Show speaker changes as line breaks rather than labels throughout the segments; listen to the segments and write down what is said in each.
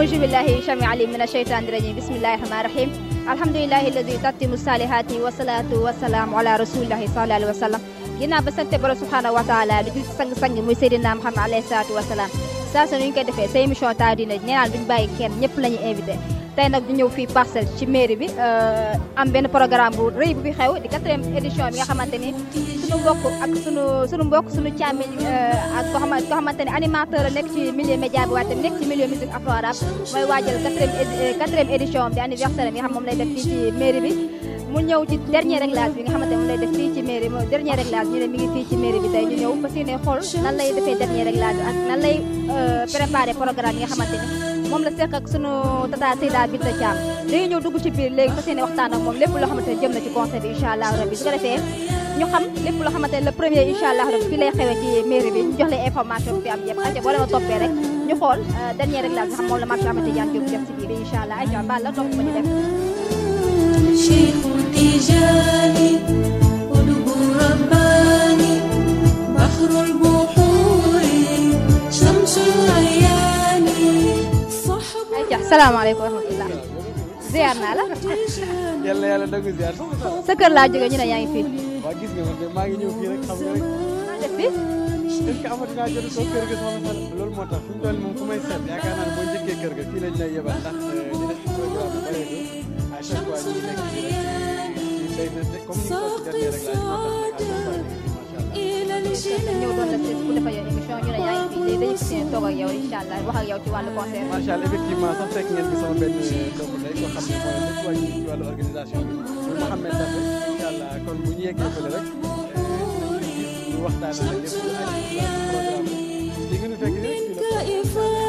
أعوذ بالله شمع علي من الشيطان الرجيم بسم الله الرحمن الرحيم الحمد لله الذي تتم الصالحات والصلاة والسلام على رسول الله صلى الله عليه وسلم جينا بسنت بر سبحانه وتعالى نجي سنگ سنگ موي سيرنا محمد عليه الصلاة والسلام سا سنو نكاي ديفي سي ميشو تاري نينا بن باي كين نيب لا tey nag ñu ñëw fii parcelle ci mairie bi euh, am benn programme bu rëy bu fi xew di quatrième édition bi nga xamante ni suñu mbokk ak suñu suñu mbokk suñu càmmiñ euh, ak ko ni animateur nekk ci milieu média bi waaye tamit nekk ci milieu musique afro arabe mooy waajal quatrième euh, quatrième édition di anniversaire bi nga xam moom lay def fii ci mairie bi mu ñëw ci dernier réglage bi nga xamante moom lay def fii ci mairie mo dernier réglage ñu ne mi ngi fii ci mairie bi tey ñu ñëw parce que ne xool nan lay defee dernier réglage ak nga xamante moom la seq ak sunu tata Seyda Binta Thiam dañuy ñëw dugg ci biir léegi fas yéene waxtaan ak moom lépp loo xamante ne na ci concert bi incha allah rabbi su ko defee ñu xam lépp loo xamante ne premier incha allah fi lay xewee ci bi ñu jox leen information bi fi am yëpp ayca boo leen a toppee ñu xool euh, dernier la marché amati Diagne Diop jëm si biir bi incha baal la topp ñu def. salaamaaleykum wa rahmatulah. ziar naa la.
yàlla yàlla dëgg ziar. sa kër laa jógee ñu ne yaa ngi fii. waaw gis nga man de maa ngi ñëw fii rek xam nga rek. maa def fii. est ce que amati naa jot soo kër ga soxna Fall loolu moo tax fi mu toll moom ku may seet yaakaar naa ne boo njëkkee kër ga fii lañ lay yebal ndax ñu def programme bu bëri à chaque fois ñu nekk fii rek comme ni ko si dernier rek
laa ñëw doon la si ku defee yow émission ñu ne yaa ngi fii dañuy seen toog ak yow incha allah wax ak yow ci wàllu concert. macha
allah effectivement sax fekk ngeen fi sama benn doomu ndey koo xam ne mooy lépp wàññi ci wàllu organisation bi Mouhamed Dafe incha allah kon bu ñu yeggee fële rek waxtaan ak lépp lu àgg ci wàllu programme bi.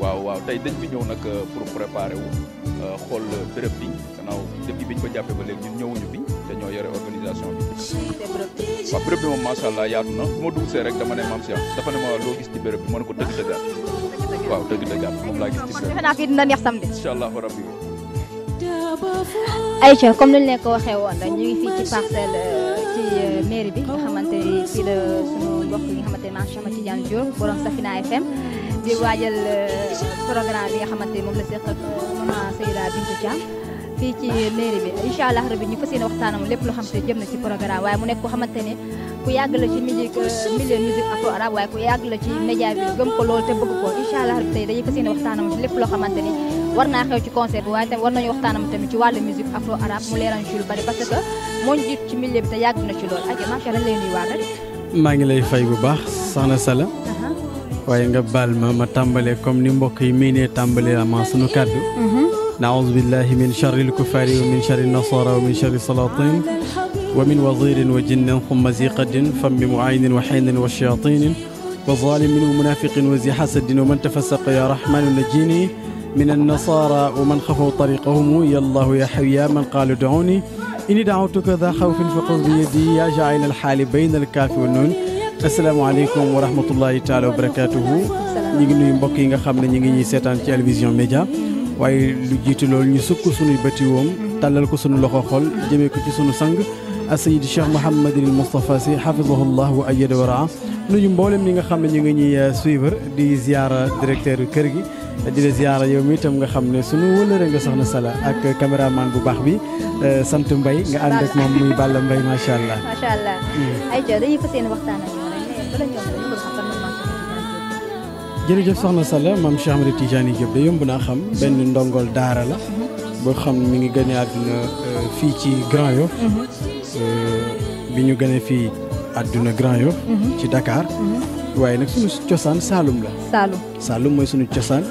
waaw waaw tey dañ fi ñëw nag euh, pour préparer wu euh, xool euh, béréb bi gannaaw depuis bi ñu ko jàppee ba léegi ñun ñëwuñu fi te ñoo yore organisation bi.
waaw béréb bi moom macha
allah yaatu na bu ma dugg see rek dama ne maam si dafa ne ma loo gis ci béréb bi mën ko dëgg dëggaat. waaw dëgg dëggaat moom laa gis ci béréb bi. defe naa fii dina neex samedi. incha allahu rabbi.
Aïcha comme ni ñu leen ko waxee woon ñu ngi fii ci parcelle ci mairie bi nga xamante ni fii la sunu mbokk yi nga xamante ni maam Cheikh Tidiane Diop borom Safina FM. di waajal programme bi nga xamante moom la seq ak maman Seyda Bintou Thiam fii ci mairie bi incha allah rabi ñu fas yéene waxtaan moom lépp loo xam te jëm na ci programme waaye mu nekk ko xamante ne ku yàgg la ci musique milieu musique afro arabe waaye ku yàgg la ci média bi gëm ko loolu te bëgg ko incha allah rabi tey dañuy fas yéene waxtaan moom ci lépp loo xamante ni war naa xew ci concert bi waaye tamit war nañu waxtaan moom tamit ci wàllu musique afro arabe mu leeral ci lu bari parce que moo ñu jiit ci milieu bi te yàgg na ci lool ak macha allah lay nuyuwaat rek
maa ngi lay fay bu baax soxna Sala waaye nga baal ma ma tàmbalee comme ni mbokk yi miinee tàmbalee ama sunu kàddu naawuzu billahi min charri lkufaari wa min charri nasara wa min charri salatin wa min wazirin wa jinnin thumma zi qadin fammi muayinin wa xaynin wa shayatinin وظالم ومنافق وزي حسد ومن تفسق يا رحمن نجيني من النصارى ومن خفوا طريقهم يا الله يا حي يا من قالوا ادعوني إني دعوتك ذا خوف فخذ بيدي يا جاعل الحال بين الكاف والنون asalaamaaleykum wa rahmatullahi taala wa barakaatuhu ñu ngi nuyu mbokk yi nga xam ne ñu ngi ñuy seetaan ci Elvision Média waaye lu jiitu loolu ñu sukk sunuy bëti woom tàllal ko sunu loxo xol jëmee ko ci sunu sang asayid Cheikh Mouhamadul Moustapha Sy xafidahullah wa ayada wa raa ñu mboolem ñi nga xam ne ñu ngi ñuy euh, suivre di ziara directeur kër gi di la ziara yow mi itam nga xam ne sunu wëlëre nga soxna Sala ak caméraman bu baax bi euh, sant Mbaye nga ànd ak moom muy macha allah.
Mm.
jeri jeuf soxna Sala mam Cheikh amadou Tidiane jeuf da yomb naa xam mhm. ben ndongol daara la mhm. bo xam mi ngi gane àdduna euh, fi ci Grand yo, mhm. euh, bi ñu gane fi àdduna Grand yo, ci Dakar waye nak suñu ciossane Salum. la salum salum moy suñu ciossane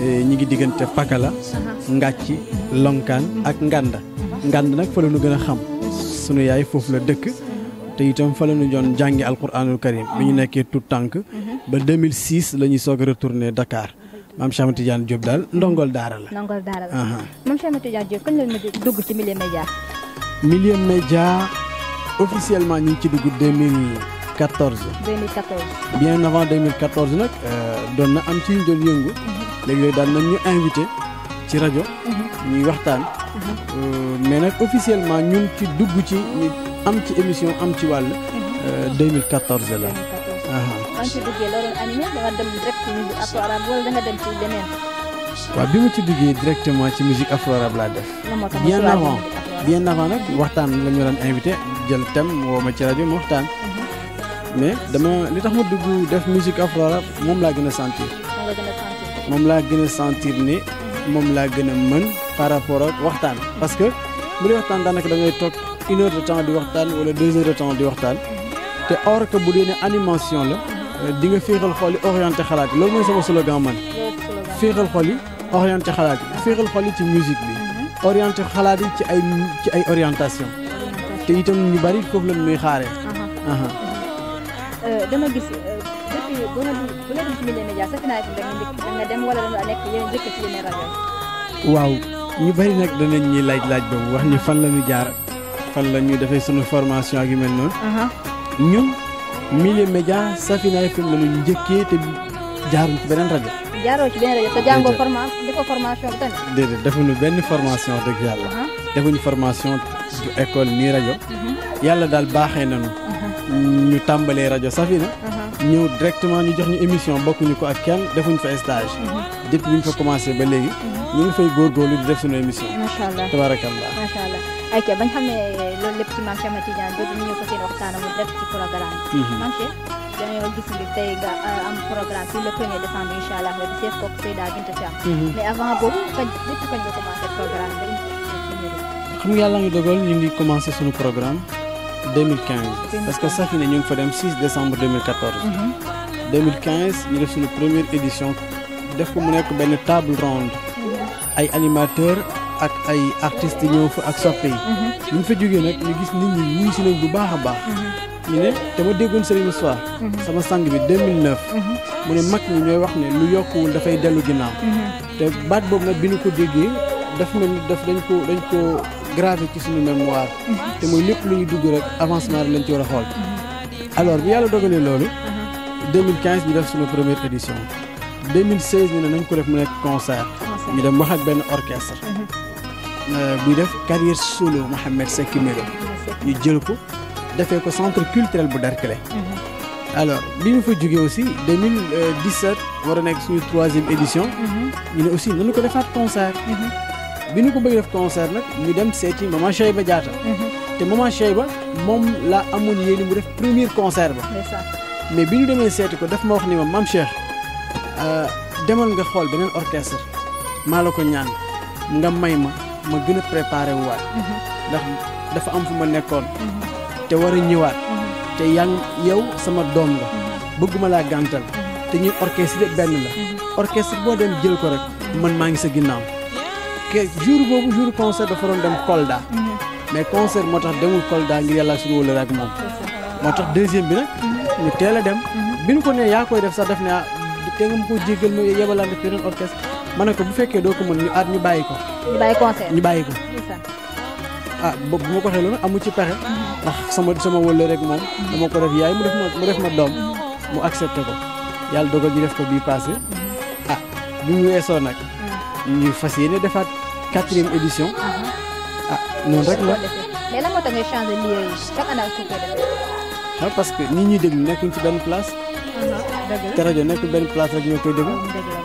euh, ñi ngi digënté Pakala uh-huh. Ngàcci lonkan ak Nganda uh-huh. Nganda nak fa lu ñu xam uh-huh. sunu yaay fofu la dëkk te itam fa lañu ñu doon jàngi alquranul karim bi ñu nekkee tout tànk ba 2006 la ñuy soog a Dakar maam Cheikh Ahmed Tidiane Diop daal ndongol daara la.
ndongol daara la maam Cheikh Ahmed Tidiane Diop kañ la ñu dugg ci milieu média.
milieu média officiellement ñu ngi ci dugg 2014. 2014. bien avant 2014 nag euh, doon na am ci ñu doon yëngu. Mhm. léeg-léeg daan nañ ñu invité ci rajo. Mhm. ñuy waxtaan. Mhm. Euh, mais nag officiellement ñun ci dugg ci. am ci émission am ci wàll. 2014 euh, mhm. la. 2014 ban bi mu ci duggee directement ci musique afro laa def.
bien avant bien
avant nag waxtaan la ñu invité jël thème woo ma ci rajo ma waxtaan.
Mhm.
mais dama li tax ma dugg def musique afro moom laa gën a sentir. moom laa gën a sentir ne moom laa gën a mën par rapport ak waxtaan. parce que bu dee waxtaan daanaka da ngay toog. une heure de temps di waxtaan wala deux heures de temps di waxtaan te or que bu dee ne animation la di nga féexal xol yi orienté xalaat yi loolu mooy sama slogan man féexal xol yi orienté xalaat yi féexal xol yi ci musique bi orienté xalaat yi ci ay ci ay orientation te itam ñu bari foofu lañ muy xaaree uh-huh. Uh-huh.
Uh, dama gis uh, depuis bu nga bu nga dem ci milieu média sax naa nga dem wala da nekk yéen njëkk ci yeneen rajo waaw
ñu bari nag danañ ñuy laaj laaj boobu wax ni fan la ñu jaar fan la ñuy suñu formation ak yu mel milieu média Safina FM ñu ci benen Radio.
jaaroo ci de Radio? formation formation
dé formation formation école ni radio mhm. yalla daal baxé nañu. ñu tambalé radio Safina. Nous directement ñu jox ñu émission Nous ko ak stage. Mhm. depuis ñu fa commencé ba mhm. ñu ngi fay émission.
tabarakallah ayca bañ xam ne loolu lépp ci maam Cheikh Ahmed Tidiane Diop ñu ñëw fa seen waxtaan mu def ci programme bi. maam Cheikh dañoo gis ni tey nga am programme ci le premier décembre incha allah le 17 kooku Seyda Binta Thiam. mais avant boobu kañ lépp kañ nga commencé programme dañ
xam nga yàlla ngi dogal ñu ngi commencé suñu programme 2015. 2015 parce que sax ne ñu ngi fa dem 6 décembre 2014. 2015 ñu def suñu première édition def ko mu nekk benn table ronde. ay animateurs. ak ay artistes ñëw fa ak soppe yi
mhm.
ñu fa jógee nag ñu gis nit ñi ñuy si bu baax a baax mhm. ñu ma dama déggoon Serigne Soir mhm. sama sang bi 2009 mu ne mag ñi ñooy wax ne lu yokkuwul dafay dellu ginnaaw te baat boobu nag bi ñu ko déggee daf mel ni daf dañ ko dañ ko gravé ci suñu mémoire te mooy lépp lu ñu dugg rek avancement rek lañ ci war a xool alors bi yàlla dogalee loolu 2015 ñu def suñu première édition 2016 ñu ne nañ ko def mu nekk concert ñu dem wax ak benn orchestre Euh, buy def carrière solo Mohamed Seck Mero ñu jël ko defee ko centre culturel bu Derklé mhm. alors bi ñu fa jógee aussi 2017 euh, war a nekk suñu troisième édition mhm. ñu ne aussi nañu ko defaat concert mhm. bi ñu ko bëgg def concert nag ñu dem seeti maman Cheyba Diatta te maman Cheyba moom la amoon yéeni mu def premier concert ba mais bi ñu demee seeti ko daf ma wax ni ma maam Cheikh euh, demal nga xool beneen orchestre maa la ko ñaan nga may ma ma gën a préparé wu mhm. ndax dafa am fu ma nekkoon mhm. te war a ñëwaat mhm. te yan yow sama doom nga bëgguma laa gàntal te ñuy orchestre benn la orchestre boo dem jël ko rek man maa ngi sa ginnaaw ke jour boobu jour concert dafa doon dem Kolda mais concert moo tax demul Kolda ngir yàlla suñu wëla ak moom moo tax deuxième bi nag ñu teel a dem bi ñu ko ne yaa koy def sax def ne te nga ma ko jéggal ma yebalaat def yeneen orchestre ma ne ko bu fekkee doo ko mën ñu aat ñu bàyyi ko. ñu bàyyi concert ñu bàyyi ko. ah boobu bu ma ko xeloon nag ci pexe. ndax sama sama wëlle rek moom. dama ko def yaay mu def ma mu def ma doom. mu accepté ko yàlla dogal ñu def ko bii passé ah bi mu weesoo nag. ñu fas yéene defaat quatrième édition.
Uh-huh.
ah noonu rek la.
mais lan moo tax ngay changé lieu yi
que nit ñuy déglu nekkuñ ci benn place. Uh-huh.
dëgg la
te
rajo nekkul benn place rek ñoo koy déglu.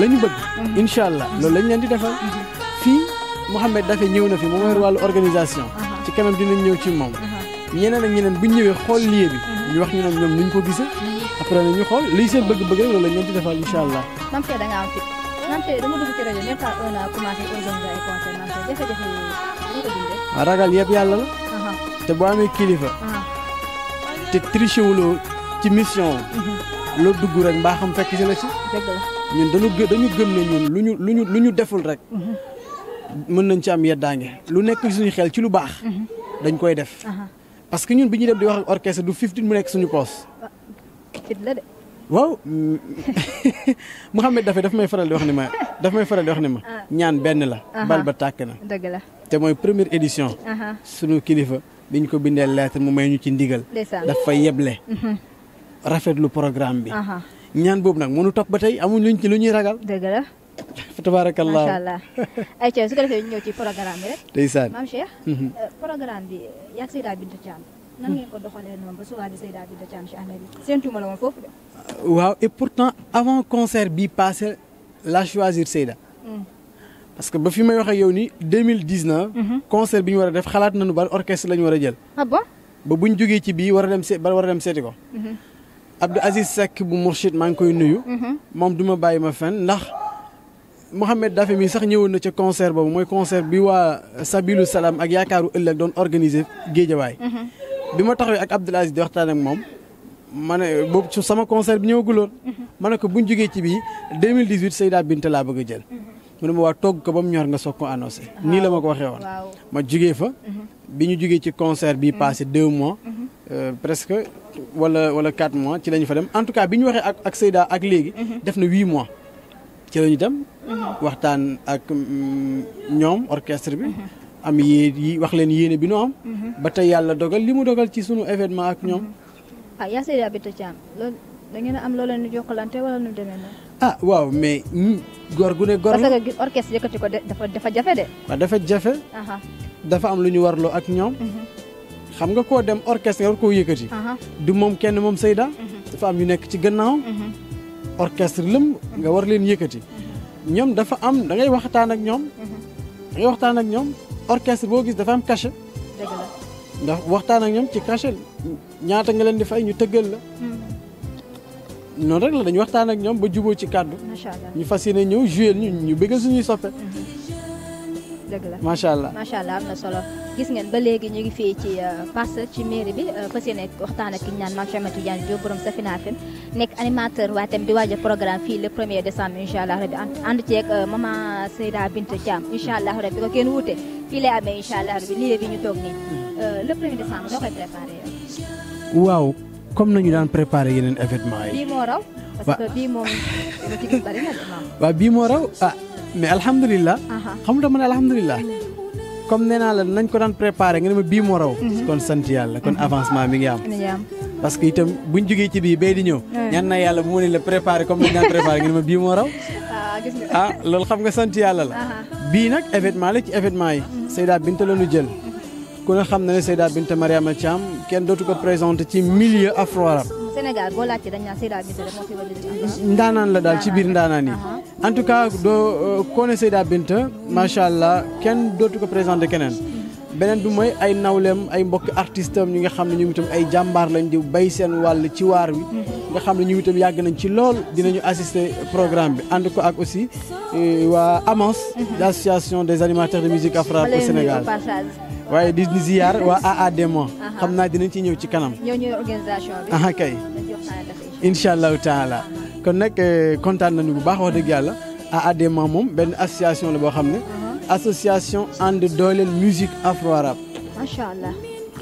la ñu bëgg. incha allah loolu la ñu leen di defal. fii Mouhamed Daffé ñëw na fi moom mooy wàllu organisation. ci kanam dinañ ñëw ci moom. ñeneen ak ñeneen bu ñu ñëwee xool lieu bi. ñu wax ñu nag ñoom ni ñu ko gisee. après ñu xool liy seen bëgg-bëgg rek loolu ñu leen di defal incha allah.
Mame Faye da nga am fit Mame Faye dama dugg ci rajo même pas un an commencé organiser ay concert Mame Faye jafe-jafe
ah, ragal yëpp yàlla la. te boo amee kilifa. te triché wuloo ci mission.
Mhm.
loo dugg rek xam fekk si la ci. dëgg ñun dañu gë dañu gëm ne lu ñu lu ñu lu ñu deful rek. mën nañ ci am yeddaange lu nekk suñu xel ci lu baax. dañ koy def. parce que ñun bi ñuy def di wax ak orchestre du 15 mu nekk suñu poos.
Ah, la de.
waaw Mouhamed Daffé daf may faral di wax ni ma daf faral di wax ni ma. Ah. ñaan benn la. bal ba tàkk na. dëgg te mooy première édition. suñu kilifa biñ ko bindee lettre mu may ñu ci ndigal. daf fay yeble. Mhm. rafetlu programme bi. ñaan boobu nag mënu topp ba tey amuñ luñ ci lu ñuy ragal. dëgg la. tabaarakallah macha allah
ayca su ko defee ñu ñëw ci programme bi rek. ndeysaan maam Cheikh. Mhm. Euh, programme bi yaa Seyda Binta Thiam. bi seen tuuma la
foofu de.
Euh, waaw et pourtant avant concert bi passé la choisir Seyda. Mm. parce que ba fi may wax ak yow nii 2019. Mhm. concert bi ñu war a def xalaat nañu ba orchestre la ñu war a jël. ah ba bu jógee ci bii war a dem see ba war a dem seeti ko. Mhm. Abdou Aziz Seck bu Mourchid mang koy nuyu. mom mhm. duma ma ma fen ndax Mohamed Dafe mi sax ñëwoon na ci concert boobu moy concert bi wa Sabilu Salam ak Yakaru ëllëg doon organiser géejawaay. Mhm. bi ma taxawee ak Abdou Aziz di waxtaan ak mom mané ne boobu sama concert bi ñëwaguloon. Mhm. ma ne ko bu joggé ci bi 2018 Seyda Binta la bëgg jël. mu ne ma waa togg ko bam ñor nga soog ko annoncé. nii la mako waxé won ma joggé fa. biñu joggé ci concert bi passé 2 mois. Euh, presque. wala wala 4 mois ci lañu fa dem en tout cas biñu ñu ak ak Seyda ak léegi. Mhm. def na 8 mois ci la dem. Mhm. waxtaan ak mm, ñoom orchestre bi. Mhm. am yi, yi wax leen yene bi no am. ba tay yalla dogal limu dogal ci sunu événement ak ñoom.
ah ya Seyda bi Thiam da ngeen am loo leen di jokkalante wala nu demee na
ah waaw mais gor gu ne gor parce
que orchestre yëkati ko dafa dafa jafe de.
waaw dafa Aha. dafa am lu warlo warloo ak ñoom. xam nga koo dem orchestre nga war koo yëkkati. du moom kenn moom Seyda. Mhm. dafa am yu nekk ci gannaaw. Mhm. orchestre lëm nga war leen yëkkati. Mhm. ñoom dafa am da ngay waxtaan ak ñoom. da waxtaan ak ñoom orchestre boo gis dafa am cachet. dëgg ndax waxtaan ak ñoom ci kashe ñaata nga leen di fay ñu tëggal la. noonu rek la dañu waxtaan ak ñoom ba juboo ci kàddu. macha allah ñu fas yéene ñëw joué ñu ñu bëggal suñuy soppe.
dëgg macha allah macha allah am gis ngeen ba léegi ñu ngi fii ci euh, Parcelles ci mairie bi euh, fas yéene waxtaan ak ki ñu naan Mame Cheikh Ahmed Tidiane Diop borom Safina FM nekk animateur waaye tamit di waaj programme fii le premier décembre incha allah rabi ànd ceeg euh, maman Seyda Binta Thiam incha allah rabi ko kenn wuute fii lay amee incha allah rabi lii bi ñu toog nii le premier décembre noo koy préparé waaw moo raw. parce que bii moom ci gis bari na
waaw bii moo raw ah mais alhamdulilah. xam nga man comme nee naa la nañ ko daan préparé nga ne ma bii moo raw. Mhm. kon sant yàlla kon mhm. avancement mi ngi am. parce que itam buñ jugee ci bii bay di ñëw. ñaan na yàlla bu ma ne la préparé comme ni ñu daan préparé nga ne ma bii moo raw. ah, ah loolu xam nga sant yàlla la. bii nag événement la ci événement yi. Mhm. Seyda Binta la ñu jël. ku ne xam na ne Seyda Binta Mariama Thiam kenn dootu ko présenté ci milieu afro
Sénégal boo laajte dañ naan Seyda Binta ndaanaan la daal ci biir
ndaanaan yi. Uh-huh. en tout cas doo euh, koone Seyda Binta macha allah kenn dootu ko présenté keneen. beneen bi mooy ay nawleem ay mbokki artiste am ñi nga xam ne ñu itam ay jàmbaar lañ di bay seen wàll ci waar wi uh-huh. nga xam ne ñu itam yàgg nañ ci lool dinañu assister programme bi ànd ko ak aussi euh, waa AMANS uh-huh. l'association des animateurs de musique afra au Sénégal waaye di ziar waa aademo xam naa dinañ ci ñëw ci kanam.
ñoo ñooy organisation bi. aha kay
incha allahu taala kon nag eh, kontaan nañu bu baax wax dëgg yàlla aademo moom benn association la boo xam ne. association and dooleel musique afro arab.
macha
allah.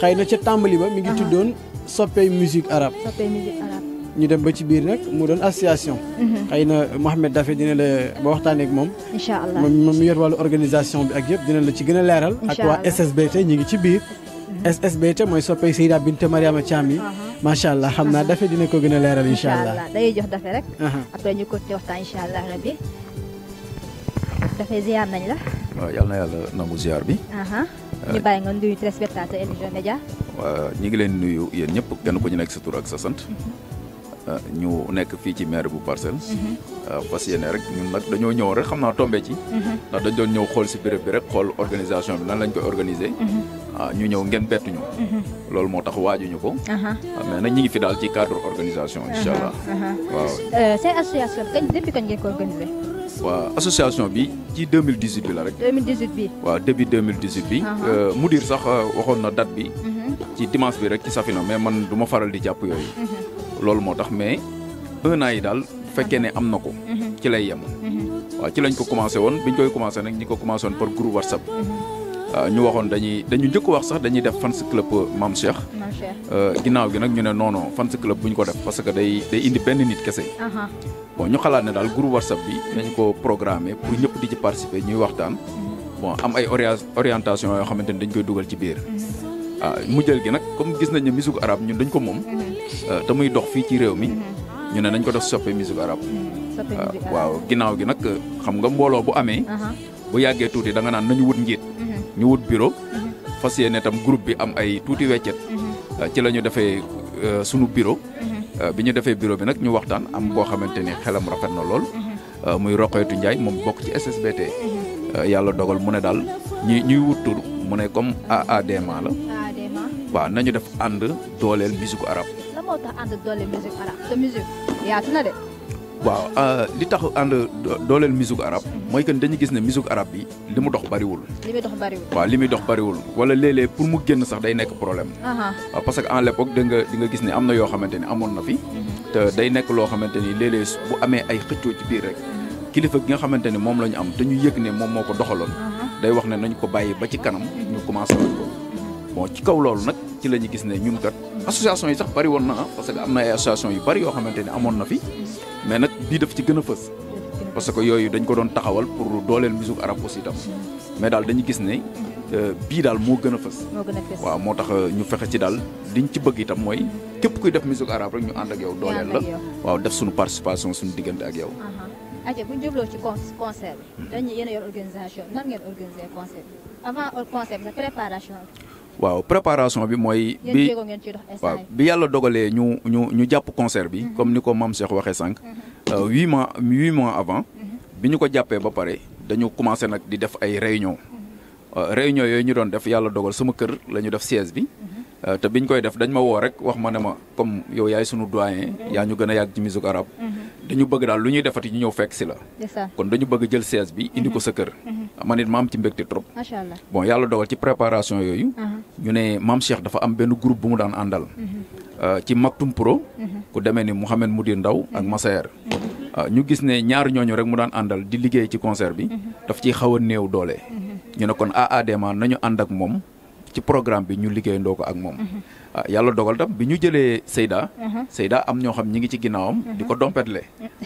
xëy na ca tàmbali ba mi ngi tuddoon soppey musique arab.
soppey musique arabe.
ñu dem ba ci biir nag mu doon association. Mhm. xëy na Mouhamed Daffé dina la ba waxtaanee ak moom. incha allah moom mu yor wàllu organisation bi ak yëpp dina la ci gën a leeral. ak waa SSBT ñu ngi ci biir. Mhm. SSBT mooy soppay Seyda Binte Mariama Thiam yi. Uh-huh. macha allah xam naa uh-huh. Daffé dina ko gën a leeral
incha allah. incha allah day jox Daffé rek. Uh-huh.
après ñu continuer waxtaan incha allah rabbi. Daffé ziar nañ la.
waaw yal yàlla nangu ziar bi. Euh. ñu bàyyi
nga nuyu téléspectateur Elvision
ñu ngi leen nuyu yéen ñëpp kenn ñu nekk sa tur ak sa sant. Mhm. Euh, ñu nekk fii ci maire bu parcelle. Mhm. Euh, fas yéene rek ñun nag dañoo ñëw rek xam naa tombé ci. Mhm. ndax dañ doon ñëw xool si béréb bi rek xool organisation bi nan lañ koy organiser. Mhm. Ah, ñu ñëw ngeen bettuñu. loolu moo tax waajuñu ko. Ah, mais nag ñu ngi fi daal ci cadre organisation. incha allah
waaw. Euh, seen association kañ depuis kañ ngeen ko organisé.
waaw association bi ci 2018 bi la rek.
2018 bi.
waaw début 2018 bi. mudir sax waxoon na date bi. ci dimanche bi rek ci Safina mais man du ma faral di jàpp yooyu. loolu moo tax mais un yi daal bu fekkee ne am na ko. Mhm. ci lay yem.
Mhm.
waaw ci lañ ko commencé woon biñ koy commencé nag ñi ko commencé woon par groupe WhatsApp. Mhm. Ah, ñu waxoon dañuy dañu njëkk wax sax dañuy def fans club euh, Mame Cheikh. Euh, ginnaaw gi nag ñu ne noonu non fans club bu ñu ko def parce que day day indi benn nit kese. bon ñu xalaat ne daal groupe WhatsApp bi nañ ko programmer pour ñëpp di ci participer ñuy waxtaan. bon am ay orientation yoo xamante ni dañ koy dugal ci biir. ah mujjal gi nag comme gis nañ ne musique arabe ñun dañ ko moom. Euh, te muy dox fii ci réew mi mm-hmm. ñu ne nañ ko def soppe musique arabe mm-hmm.
euh, waaw
ginnaaw gi nag euh, xam nga mbooloo bu amee uh-huh. bu yàggee tuuti da nga naan nañu wut njiit mm-hmm. ñu wut bureau fas yéene tam groupe bi am ay tuuti weccet ci la ñu defee sunu bureau bi ñu defee bureau bi nag ñu waxtaan am boo xamante ni xelam rafet na lool muy Roqeetu Njaay moom bokk ci SSBT yàlla dogal mu ne daal ñi ñuy wut tur mu ne comme a AADMA la waaw nañu def ànd dooleel musique arabe waaw euh, li tax ànd dooleel musique arab mooy que dañu gis ne musique arab bi li mu dox bariwul. waaw li muy dox bariwul wala léeg pour mu génn sax day nekk problème.
waaw
parce que en l'époque da nga di nga gis ne am na yoo xamante ni amoon na fi. Mhm. te day nekk loo xamante ni léeg bu amee ay xëccoo ci biir rek. Mhm. kilifa gi nga xamante ne moom lañu am te ñu yëg ne moom moo ko doxaloon. day wax ne nañ ko bàyyi ba ci kanam. ñu commencé woon ko mhm. ci kaw loolu nag. ci lañu ñu gis ne ñun kat association yi sax bari woon na parce que am na ay association yu bari yoo xamante ne amoon na fi mais nag bii daf ci gën a fës parce que yooyu dañ ko doon taxawal pour dooleel musique arabe aussi tam mais daal dañu gis ne euh, bii daal moo gën a fës waaw moo tax euh, ñu fexe ci daal liñ ci bëgg itam mooy képp kuy def musique arabe rek ñu ànd ak yow dooleel la waaw def suñu participation suñu diggante ak yow
uh-huh. aja bu ñu jubloo ci concert bi hmm. dañuy yéen a yor organisation nan ngeen organiser concert bi avant euh, concert préparation
waaw préparation bi mooy. bi waaw bi yàlla dogalee ñu ñu ñu jàpp concert bi. Mhm. comme ni ko maam Cheikh waxee sànq. Mhm. Euh, huit mois huit mois avant. Mhm. bi ñu ko jàppee ba pare dañu commencé nag di def ay réunion euh, réunion yooyu ñu doon def yàlla dogal sama kër la ñu def siège bi. Euh, te biñ koy def dañ ma woo rek wax ma ne ma comme yow yaay sunu doyen yaa ñu gën a yàgg ci musique arabe
mm-hmm. dañu
bëgg daal lu ñuy defati ñu ñëw fekk si la kon dañu bëgg jël siège bi indi ko sa mm-hmm. kër mm-hmm. man it ma am ci mbégte trop bon yàlla dogal ci préparation yooyu uh-huh. ñu ne maam Cheikh dafa am benn groupe bu mu daan àndal euh, ci Maktum Pro ku demee ni mu Moudir Ndaw ak Massaer euh, ñu gis ne ñaar ñooñu rek mu daan àndal di liggéey ci concert bi dafa ci xaw a néew doole ñu ne kon aadema nañu ànd ak moom ci programme bi ñu liggéeyandoo ko ak moom. Mhm. Ah, yàlla dogal tam bi ñu jëlee Seyda. Mhm. Seyda am ñoo xam ñi ngi ci ginnaawam. Mhm. di ko dompetle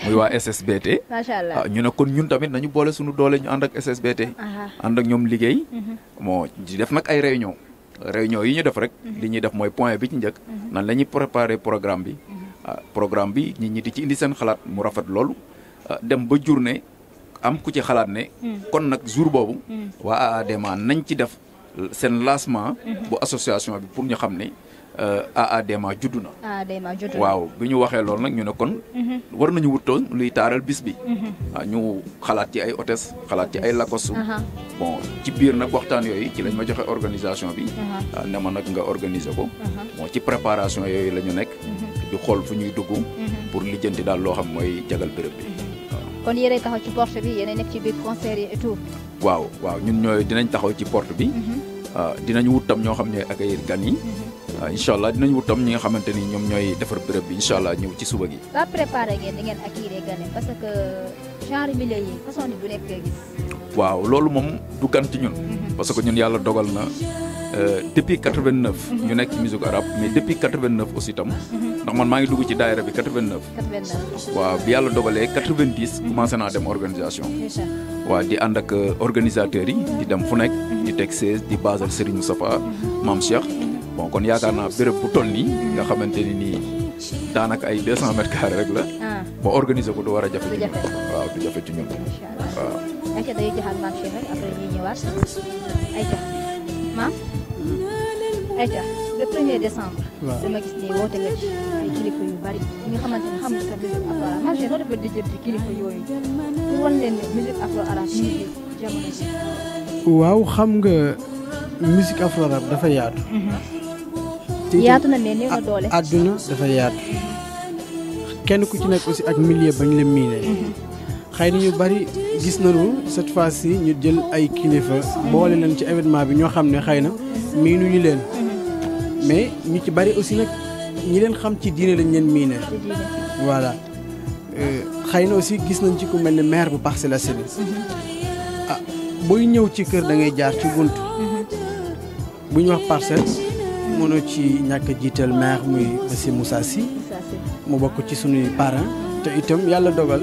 muy waa SSBT. Ah, ñu ne kon ñun tamit nañu boole suñu doole ñu ànd ak SSBT. ànd ak ñoom liggéey. moo di def nag ay réunion réunion yi ñu def rek. li ñuy def mooy point bi ci njëkk. nan la ñuy préparer programme bi. Ah, programme bi nit ñi di ci indi seen xalaat mu rafet loolu. dem ba jur ne am ku ci xalaat ne. kon nag jour boobu. waa AADMA nañ ci def. seen lancement. bu association bi pour ñu xam ne AADMA euh, juddu na.
AADMA na waaw
bi ñu waxee loolu nag ñu ne kon. Mhm. war nañu wutoon luy taaral bis bi. Mhm. Ah, ñu xalaat ci ay hôtesse xalaat ci ay lacoste. bon ci biir nag waxtaan yooyu ci lañ ma joxe organisation bi. Ah, ne ma nag nga organiser ko. moo ci préparation yooyu la ñu nekk. Mhm. di xool fu ñuy dugg. pour lijjanti daal loo xam mooy jagal béréb bi.
kon yéenay taxaw ci porte bi yéenay nekk ci biir concert yi et tout.
waaw waaw ñun ñooy dinañ taxaw ci porte bi. Mhm. Ah, dinañ wut tam ñoo xam ne accueillir gan yi. Mhm. Ah, incha allah dinañ wut tam ñi nga xamante ni ñoom ñooy defar béréb bi incha allah ñëw ci suba gi.
ba préparé ngeen di ngeen accueillir gan yi parce que genre milieu yi façon ni bu nekk gis.
waaw loolu moom du gan ci ñun. Mhm. parce que ñun yàlla dogal na. depuis 89. ñu nekk ci musique arabe mais depuis 89 aussi tam. ndax man maa ngi dugg ci daayira bi 89.
89 waaw
bi yàlla dogalee 90. commencé naa dem organisation. waaw di ànd ak organisateurs yi. di dem fu nekk. di teg sees di basal Serigne Moustapha Mame Cheikh. bon kon yaakaar naa béréb bu toll nii. nga xamante ni nii daanaka ay 200 mètres carrés rek la. ba organiser ko du war a jafe ci ñun. waaw du jafe ci ñun. waaw.
maam Aïcha le premier décembre.
waaw dama gis ne woote nga xam
nga sax musique ji.
waaw xam nga musique afro arabe dafa yaatu. Mhm. yaatu na mais néew na doole. àdduna dafa yaatu. kenn ku ci nekk aussi ak milieu bañ la miinee. Mhm. xëy na ñu bari gis nañu cette fois yi ñu jël ay kilifa boole leen ci événement bi ñoo xam ne xëy na miinu ñu leen mais ñu ci bari aussi nag ñi leen xam ci diine lañ leen miine voilà euh, xëy na aussi gis nañ ci ku mel ni maire bu Parcelles Assainies ah booy ñëw ci kër da ngay jaar ci bunt bu ñu wax parcelle mënoo ci ñàkk jiital maire muy monsieur Moussa si mu bokk ci sunuy parent te itam yàlla dogal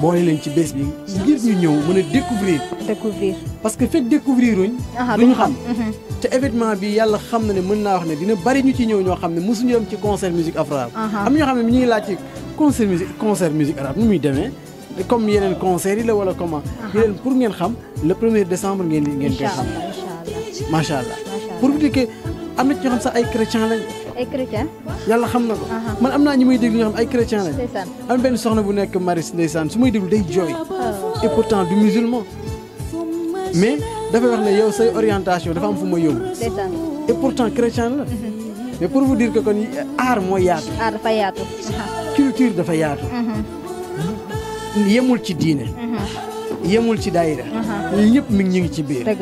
boole leen ci bés bi ngir ñu ñëw mën a découvrir découvrir parce que fekk découvrir uñ duñu xam mhm. te événement bi yàlla xam na ne mën naa wax ne dina bari ñu ci ñëw ñoo xam ne mosuñu am ci concert musique afro arabe am ñoo xam ne ñuy laaj ci concert musique concert musique arabe nu muy demee comme yeneen concert yi la wala comment yeneen pour ngeen xam le premier décembre ngeen ngeen koy xam macha allah pour bu am na ci ñoo xam sax ay chrétien lañ
chrétien. man
ñi chrétien Maris oh. et pourtant du musulman. mais dafay wax orientation dafa am et pourtant chrétien la. Mhm. mais pour vous dire que kon aar yaatu. culture de yaatu.
Mhm.
yemul ci diine. Mhm. yemul ci daayira. ñëpp mi ngi ci biir. la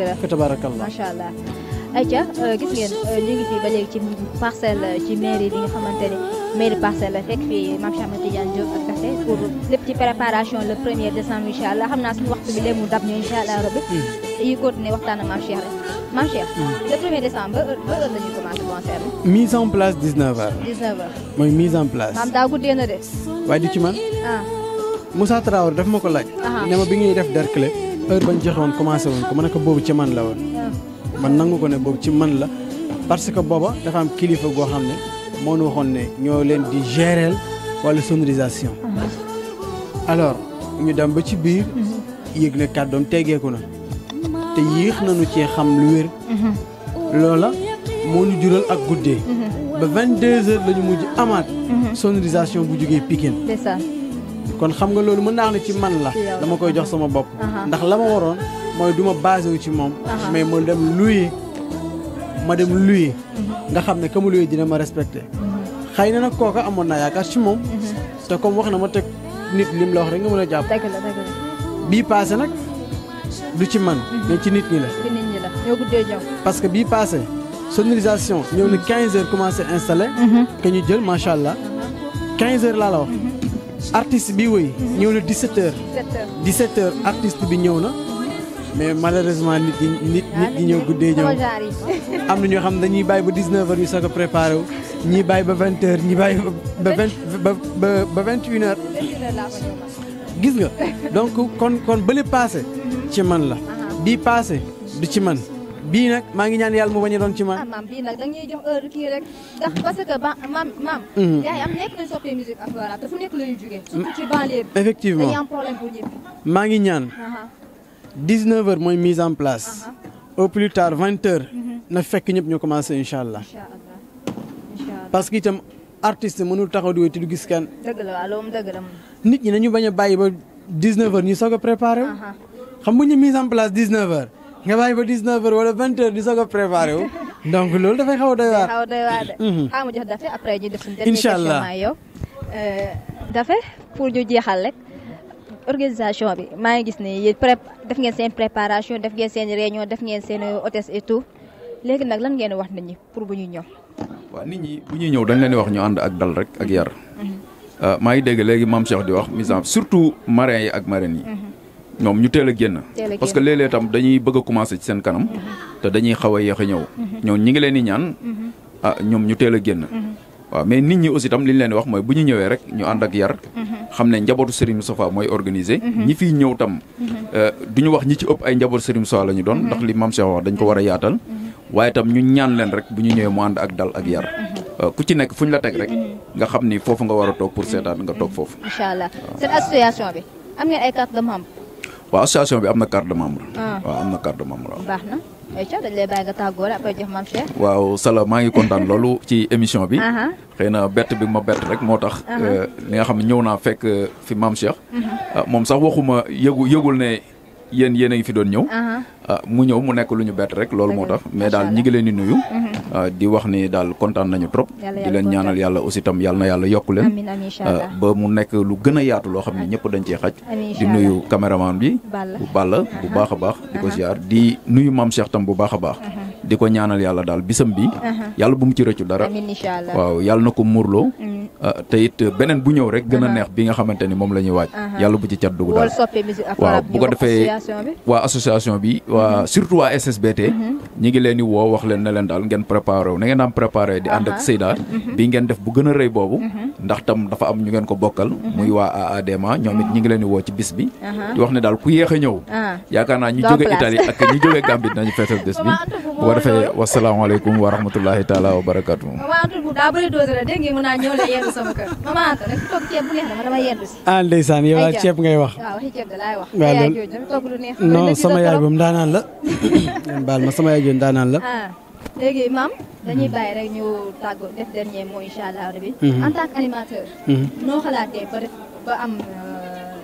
ayca euh, gis ngeen euh, ñu ngi fi ba léegi ci parcelle euh, ci mairie bi nga xamante ne mairie parcelle la fekk fi mam Cheikh Tidiane Diop ak Kassé pour lépp ci préparation le premier décembre incha allah xam naa suñu waxtu bi léegi mu dab ñu incha allah rabbi hmm. yi continuer waxtaan ak Mame Cheikh rek Mame Cheikh hmm. le premier décembre ba heure la ñuy commencé concert
mise en place 19 heures 19 heures mooy mise en place maam
daa guddee na de waaye du ci man ah.
Moussa Traoré daf ma ko laaj ne ma bi ngay def Derklé heure bañ joxe woon commencé woon ko mën a ko boobu ci man la woon man nangu ko ne boobu ci man la parce que booba dafa am kilifa go xam mo moo nu ne ñoo leen di gérer wàllu sonorisation. alors ñu dem ba ci biir. Mhm. yëg ne kàddoom ko na. te yéex nañu ci xam lu wër
mhm.
loola mo ñu jural ak guddee.
Mhm.
ba
22h la ñu mujj amaat. sonorisation bu joggé Pikine. c'est ça. kon xam nga loolu mën na ci man la. dama koy jox sama bop uh-huh. ndax lama waron moy duma ma basé wu ci mom uh-huh. mais ma dem luy ma dem luy uh-huh. nga xam ne que dina ma respecté. Uh-huh. xayna nak nag kooka amoon ci mom te comme wax na ma tek nit lim la wax rek nga mën a jàpp.
dëgg la dëgg la
bii passé nak du ci man. mais ci nit ñi la. ci
nit ñi la ñoo guddee
jaw
parce que bi passé sonorisation ñëw na 15 heures commencé installer. que ñu jël machallah 15 heures laa la wax. artiste bi wëy ñëw na 17 heures. 17 heures artiste bi ñëw na. mais malheureusement nit ñi nit nit ñi ñoo guddee ñëw am na ñoo xam dañuy bàyyi ba 19h ñu soog a préparé wu bàyyi ba 20h ñii bàyyi ba ba ba ba 21h. gis nga donc kon kon bële paase ci man la bii paase du ci man. bii nag maa ngi ñaan yàlla mu bañ a doon ci man. ah
hmm. bi. effectivement
maa ngi ñaan. Uh-huh. 19 heures mooy mise en place. Uh-huh. au plus tard 20 heures. Mm-hmm. na fekk ñëpp ñu commencé incha allah. parce que itam artiste mënul taxaw di wéy te du gis kenn.
dëgg la waaw loolu dëgg la
nit ñi nañu bañ a bàyyi ba 19 heures ñu soog a préparé
uh-huh.
xam bu ñu mise en place 19 heures nga bàyyi ba 19 heures wala 20 heures di soog a préparé wu. donc loolu dafay xaw a doy waar. xaw a
doy waar de. xaaral mm-hmm. ah, jox dafe après ñu def suñu dernier questionnement yow. incha euh, dafe pour ñu jeexal rek. organisation bi maa ngi gis ne yéen pré def ngeen seen préparation def ngeen seen réunion def ngeen seen hôtesse et léegi nag lan ngeen wax nit ñi pour bu ñuy ñëw.
waaw nit ñi bu ñuy ñëw dañ leen wax ñu ànd ak dal rek ak yar. Mm-hmm. Ah, maa ngi dégg léegi maam Cheikh di wax mise surtout marraines yi ak marraines yi. Mm-hmm. ñoom ñu teel a génn. parce que léeg-léeg tam dañuy bëgg a commencé ci seen kanam. Mm-hmm. te dañuy xaw a yéex a ñëw. ñoom ñi ngi leen di ñaan. ah ñoom ñu teel a génn. waaw mais nit ñi aussi tam li ñu leen wax mooy bu ñu ñëwee rek ñu ànd ak yar. Mhm. xam ne njabootu Serigne Moustapha mooy organisé. Mhm. ñi fiy ñëw tam. Mhm. Euh, du ñu wax ñi ci ëpp ay njabootu Serigne Moustapha la ñu doon ndax li Mame Cheikh wax dañ ko war a yaatal. waaye tam ñu ñaan leen rek bu ñu ñëwee mu ànd ak dal ak yar. Euh, ku ci nekk fu ñu la teg rek. nga xam ni foofu nga war a toog pour seetaan nga toog foofu.
incha allah seen association bi am na carte de ah.
waaw am na carte de
ayca eh, dañ
waaw Sala maa ngi kontaan loolu ci émission bi. xëy na bett bi ma bett rek moo tax. Eh, li nga xam ñëw naa fekk eh, fi maam Cheikh. Mhm. Ah, moom sax waxuma yëgu yëgul ne. yéen yéen a ngi fi doon ñëw. Ah, mu ñëw mu nekk lu ñu bett rek loolu moo tax. mais daal ñi ngi leen di nuyu. Mhm. Ah, di wax ni daal kontaan nañu trop. di leen ñaanal yàlla aussi tam yàlla na yàlla yokk leen. Ah, ba mu nekk lu gën a yaatu loo xam ne ñëpp dañ cee xaj. di nuyu caméraman bi. bu Balla bu baax a baax. di ko ziar di nuyu maam Cheikh tam bu baax a baax. di ko ñaanal yàlla daal bisam bi uh-huh. yàlla bu mu ci rëccu dara
waaw
yàlla na ko uh, te it beneen bu ñëw rek gën a uh-huh. neex bi nga xamante ni moom la ñuy waaj uh-huh. yàlla bu ci cat dugg daal
waaw bu ko defee
waa association bi waa surtout waa SSBT ñi ngi leen di woo wax leen ne leen daal ngeen préparé wu na ngeen daan préparé di ànd ak Seyda bi ngeen def bu gën a rëy boobu ndax tam dafa am ñu ngeen ko bokkal muy waa AADMA ñoom it ñi ngi leen di woo ci bis bi di wax ne dal ku yéex a ñëw yaakaar naa ñu jóge Italie ak ñu jóge Gambie dinañu feetal bés bi defee wasalaamaaleykum wa rahmatulahi taala wa barakaatu.
daa bëri dose la dégg nga mu naan ñëw la yendu sama kër. maman Anta nag yendu ngay wax. waaw waxi ceeb da sama yaay boobu
la. ma sama yaay ah, mhm. mhm.
noo xalaatee ba def ba am.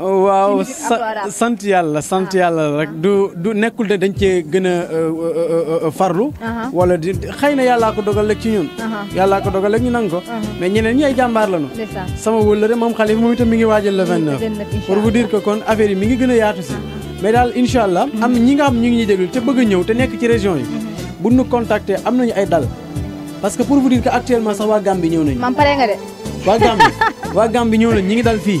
Oh, waaw sant yàlla sant ah. yàlla rek du du nekkul de dañ cee gën a euh, euh, euh, farlu. Uh-huh. wala di xëy na yàllaa ko dogal rek ci ñun.
Uh-huh. yàllaa
ko dogal rek ñu nang ko. Uh-huh. mais ñeneen ñi ay jàmbaar lañu. sama wëllëre moom xalifa moom itam mi ngi waajal le 29. pour vous dire que kon affaire yi mi ngi gën a yaatu si. mais daal incha allah mm-hmm. am ñi nga xam ñu ngi ñuy déglu te bëgg ñëw te nekk ci région yi. Mm-hmm. bu nu contacter am nañu ay dal. parce que pour vous dire que actuellement sax waa Gambie ñëw nañu. man pare nga waa Gambie waa ñëw nañu ñi ngi dal fii.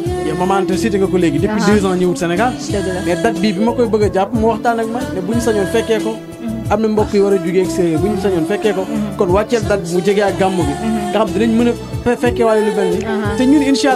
expliqué maman te ko léegi. Ah. depuis deux ans ñëwut Sénégal. mais date bii bi ma koy bëgg a jàpp mu waxtaan ak ma ne bu ñu sañoon fekkee ko. Mhm. am na mbokk yi war a jugee bu ñu sañoon fekkee ko. Mhm. kon wàcceel date mu jege ak gàmmu bi. Mhm. nga xam dinañ mën a fekkee waale lu mel nii. te ñun incha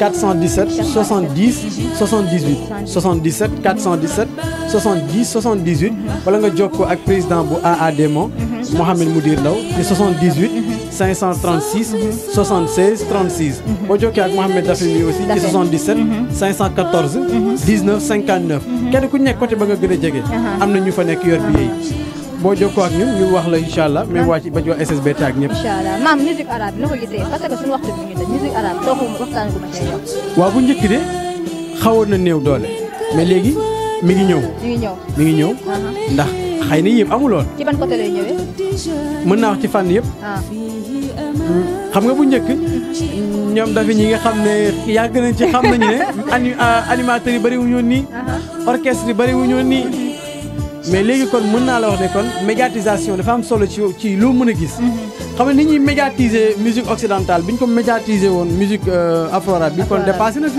417 70 78 77 417 70 78 wala nga ko ak président bu AAD Mohamed Mohamed Moudir Ndaw 78 536 76 36 bo jokkee ak Mohamed mohamed aussi et 77 514 19 59 kenn ku le côté ba nga gën a jege ñu fa bi boo jokkoo ak ñun ñu wax la incha allah waa ba ci waa SSBT ak ñëpp. incha waaw bu njëkk de xawoon na néew doole mais léegi mi ngi ñëw. mi ngi ñëw mi ngi ñëw. ndax xëy na yëpp amuloon. ci ban mën naa wax ci fànn yëpp. Ah. xam nga bu njëkk ñoom dafa ñi nga xam ne yàgg nañ ci xam nañu ne animateurs yi bëri wu ñoon nii yi bëri wu ñoon mais léegi kon mën naa la wax ne kon médiatisation dafa am solo ci ci loo mën a gis. Mhm. xam nga ni ñuy médiatiser musique occidentale bi ñu ko médiatiser woon musique euh, afro bi kon dépassé na fi.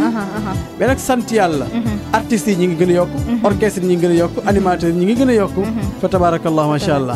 mais nag sant yàlla. Mhm. artistes yi ñu ngi gën a yokk. Mhm. orchestre yi ñu ngi gën a yokk animateurs yi ñu ngi gën a yokk. fa allah macha allah.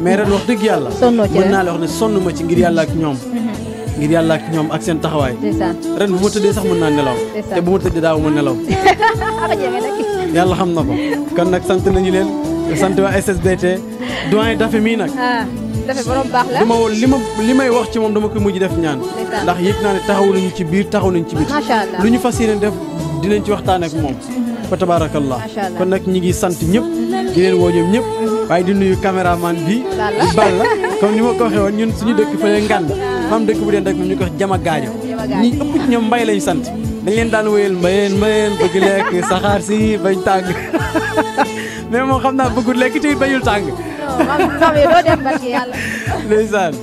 mais ren wax dëgg yàlla. sonnoo ci mën naa la wax ne sonn ma ci ngir yàlla ak ñoom. Mhm. ngir yàlla ak ñoom ak seen taxawaay. ren bu ma tëddee sax mën naa nelaw. te bu ma tëddee daaw ma nelaw.
yàlla
xam na ko kan nag sant nañu leen sant waa SSBT doyen dafe mii nag.
Ah, dafa borom baax li
ma li may wax ci moom dama koy mujj def ñaan. ndax yëg naa ne taxawu nañu ci biir taxaw nañu ci biir. macha allah lu ñu fas yéene def dinañ ci waxtaan ak moom. Mhm. fa tabaarakallah kon nag ñi ngi sant ñëpp di woo ñoom ñëpp. Mhm. waaye di nuyu caméraman bi Balla comme ni ma ko waxee woon ñun suñu dëkk fële ngànd maam dëkk bu deen rek lu ñu ko wax jama gaajo ñi ëpp ñoom mbay lañ sant dañ leen daan wéyal mbayeen mbayeen bëgg lekk saxaar si bañ tàng mais moom xam naa bëggul lekk ci bañul tàng ndeysaan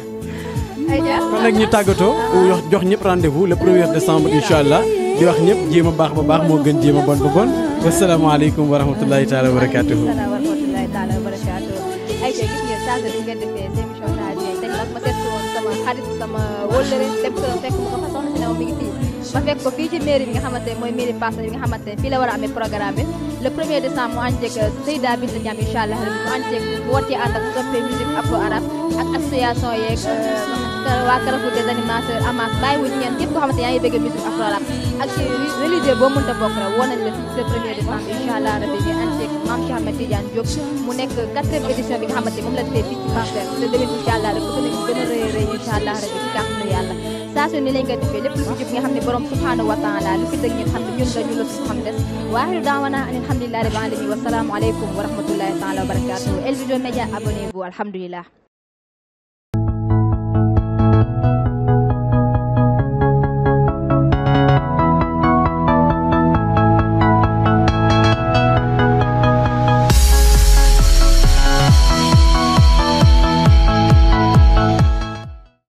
kon nag ñu tàggatoo yox jox ñëpp rendez-vous le premier décembre incha allah di wax ñëpp jéem a baax ba baax moo gën jéem a bon ba bon wasalaamaaleykum wa rahmatullahi taala wa
stage bi nga defee émission stage yooyu dañ la ma seet si woon sama xarit sama wóllëre dem këram fekk mu ko fa soxna si ne mi ngi fii ma fekk ko fii ci mairie bi nga xamante ne mooy mairie Passe bi nga xamante ne fii la war a amee programme bi le premier décembre mu ànd ceeg Seyda Binta Ñam incha allah mu ànd ceeg woote ànd ak soppe musique afro arabe ak association yeeg euh, waa Carrefour des animateurs Amas bàyyi wu ñu ngeen képp koo xamante ne yaa ngi bëgg musique afro arabe ak ci religieux boo mënta bokk rek woo nañ la fii le premier décembre incha allah rabi nga ànd ceeg Mame Cheikh Ahmed Tidiane nekk quatrième édition bi la defee fii ci Parcelles te déwén incha allah rek bëgg a a rëy saa su ne lañ koy defee lépp lu fi jub nga xam ne borom subhanahu wa taala lu fi dëgg ñun xam ne ñun la ñu la xam des waaxiru daawana an alhamdulilahi rabbil alamin wasalaamu aleykum wa rahmatullahi taala wa barakatuhu